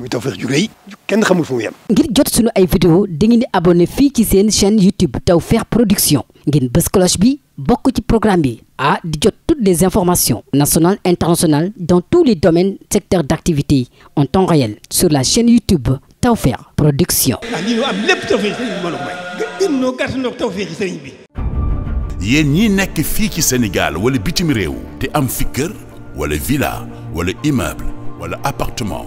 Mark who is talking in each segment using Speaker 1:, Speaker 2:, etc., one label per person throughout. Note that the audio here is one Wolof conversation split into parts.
Speaker 1: muy Tawfekh ju rëy kenn xamul fu mu yem. ngir jot sunu ay vidéo dangeen di abonné fii ci seen chaîne YouTube Tawfekh Production ngeen bës cloche bi bokk ci programme bi ah di jot toutes les informations nationales internationales dans tous les domaines secteurs d'activité en temps réel sur la chaîne YouTube Tawfekh Production.
Speaker 2: ah lii ñu am lépp Tawfekh sëriñ bi mbooloo mooy. gën
Speaker 1: noo nekk fii ci Sénégal wala bitim réew te am fi kër wala villa wala immeuble wala appartement.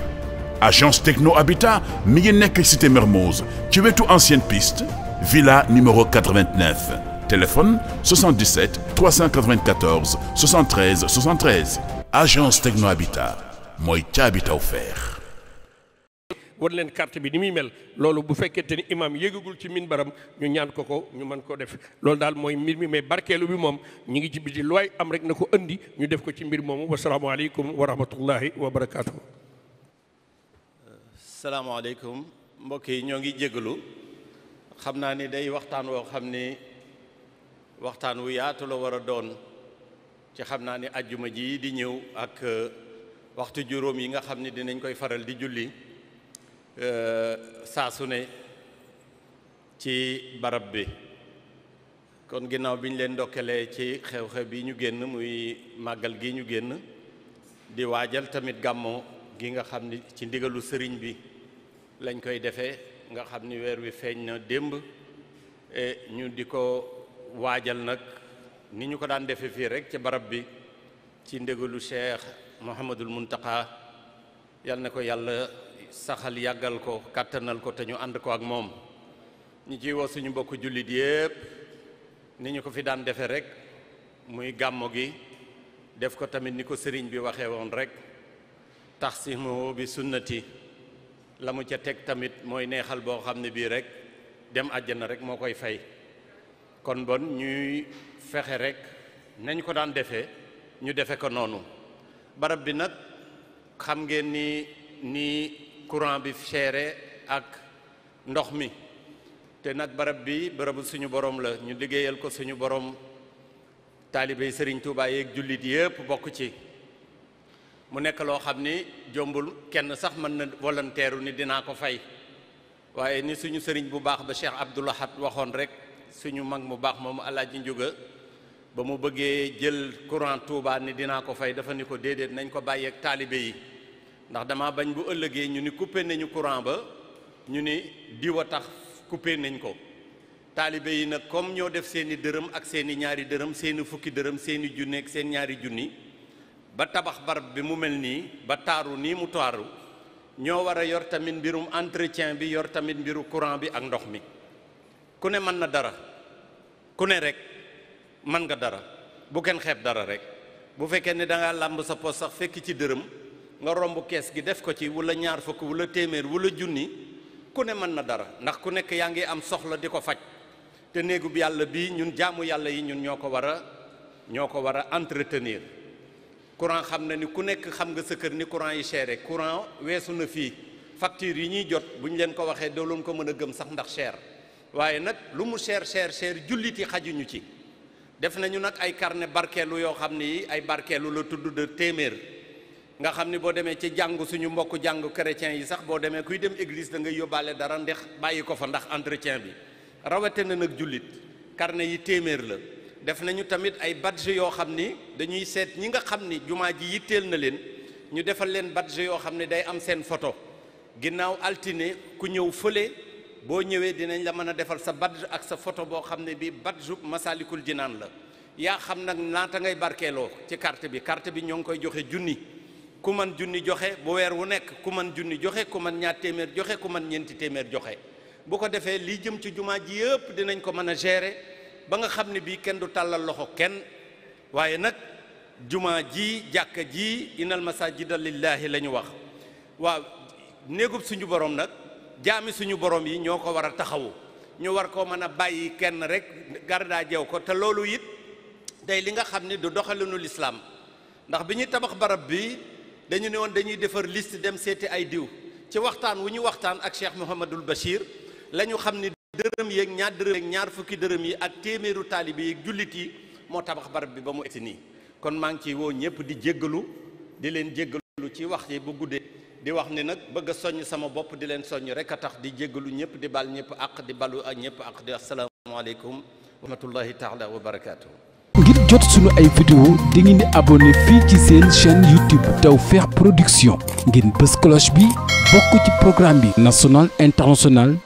Speaker 1: agence techno habitat mi ngi nekk cité Mermoz ci wetu ancienne piste villa numéro 89 téléphone 77 394 73 73 agence techno habitat mooy ca habitat offert.
Speaker 2: war leen carte bi ni muy mel loolu bu fekkente ni imaam yéegagul ci min baram ñu ñaan ko ko ñu mën ko def loolu daal mooy mbir mi mais barkeelu bi moom ñu ngi ci biti lu waay am rek na ko andi ñu def ko ci mbir moomu wasalaamaaleykum wa rahmatullahi wa barakaatu. salaamaaleykum mbokk yi ñoo ngi jégalu xam naa ni day waxtaan woo xam ni waxtaan wu yaatu la war a doon ci xam naa ni ajjuma ji di ñëw ak euh, waxtu juróom yi nga xam ni dinañ koy faral di julli euh, saa su ne ci barab bi kon ginnaaw bi ñu leen ndokkelee ci xew-xew bi ñu génn muy màggal gi ñu génn di waajal tamit gàmmoo gi nga xam ni ci ndigalu sëriñ bi lañ koy defe nga xam ni weer wi feeñ na démb e ñu di ko waajal nag ni ñu ko daan defe fii rek ci barab bi ci ndigalu Cheikh Mouhamadul Muntaqa yal na ko yàlla saxal yàggal ko kàttanal ko te ñu ànd ko ak moom ñu ciy woo suñu mbokk jullit yépp ni ñu ko fi daan defe rek muy gàmmo gi def ko tamit ni ko sëriñ bi waxee woon rekk tax taxsimoo bi sunnati la mu ca teg tamit mooy neexal boo xam ne bii rek dem àjjana rek moo koy fay kon bon ñuy fexe rek nañ ko daan defee ñu defe ko noonu barab bi nag xam ngeen ni ni courant bi seere ak ndox mi te nag barab bi barabu suñu borom la ñu liggéeyal ko suñu borom taalibe sëriñ Touba yeeg jullit yëpp bokk ci mu nekk loo xam ni jombul kenn sax mën na volontaire ni dinaa ko fay waaye ni suñu sëriñ bu baax ba Cheikh Abdou Lahad waxoon rek suñu mag mu baax moomu Alaaji Njuga ba mu bëggee jël courant Touba ni dinaa ko fay dafa ni ko déedéet nañ ko bàyyeek taalibe yi ndax dama bañ bu ëllëgee ñu ni kuppee nañu courant ba ñu ni diwa tax coupé nañ ko taalibe yi na comme ñoo def seeni dërëm ak seeni ñaari dërëm seeni fukki dërëm seeni junni ak seen ñaari junni ba tabax barab bi mu mel nii ba taaru nii mu taaru ñoo war a yor tamit mbirum entretien bi yor tamit mbiru courant bi ak ndox mi ku ne mën na dara ku ne rek mën nga dara bu kenn xeeb dara rek bu fekkee ne da làmb sa poos sax fekk ci dërëm nga romb kees gi def ko ci wala ñaar wala téeméer wala junni ku ne mën na dara ndax ku nekk yaa ngi am soxla di ko faj te néegub yàlla bi ñun jaamu yàlla yi ñun ñoo ko war a ñoo ko war a entretenir courant xam na ni ku nekk xam nga sa kër ni courant yi chéré courant weesu na fii facture yi ñuy jot bu ñu leen ko waxee doo leen ko mën a gëm sax ndax cher waaye nag lu mu cher cher cher jullit yi xajuñu ci def nañu nag ay carnet barkeelu yoo xam ni ay barkellu la tudd de téeméer nga xam ni boo demee ci jàng suñu mbokk jàng chrétien yi sax boo demee kuy dem église da ngay yóbbaale dara ndex bàyyi ko fa ndax entretien bi rawate na nag jullit carnet yi téeméer la def nañu tamit ay badge yoo xam ni dañuy seet ñi nga xam ni jumaa ji yitteel na leen ñu defal leen badge yoo xam ne day am seen photo ginnaaw altine ku ñëw fële boo ñëwee dinañ la mën a defal sa badge ak sa photo boo xam ne bi badge Masaalikul Jinaan la yaa xam nag naata ngay barkeeloo ci carte bi carte bi ñoo ngi koy joxe junni ku man junni joxe bu weer wu nekk ku man junni joxe ku man ñaar téeméer joxe ku man ñeenti téeméer joxe bu ko defee lii jëm ci jumaa ji yëpp dinañ ko mën a gérer ba nga xam ne bii kenn du tàllal loxo kenn waaye nag jumaa ji jàkka ji innal masajida lillahi la ñu wax waaw néegub suñu boroom nag jaami suñu borom yi ñoo ko war a taxawu ñu war koo mën a bàyyi kenn rek gardaa jeew ko te loolu it tey li nga xam ne du doxalinu lislaam ndax bi ñuy tabax barab bi dañu ne woon dañuy defar list dem seeti ay diw ci waxtaan wu ñu waxtaan ak Cheikh Mouhamadul Bachir la xam ni dërëm yeeg ñaar dërëm yeeg ñaar fukki dërëm yi ak téeméeru taalibe yi jullit yi moo tabax barab bi ba mu egsi nii kon maa ngi ciy woo ñëpp di jéggalu di leen jéggalu ci wax yi bu guddee di wax ni nag bëgg a soññ sama bopp di leen soññ rek a tax di jéggalu ñëpp di bal ñëpp ak di balu ak ñëpp ak di asalaamaaleykum wa rahmatullahi taala wa barakaatuhu ngir jot sunu
Speaker 1: ay vidéo di ngeen di abonné fii ci seen chaîne YouTube Tawfekh Production ngeen bës cloche bi bokk ci programme bi national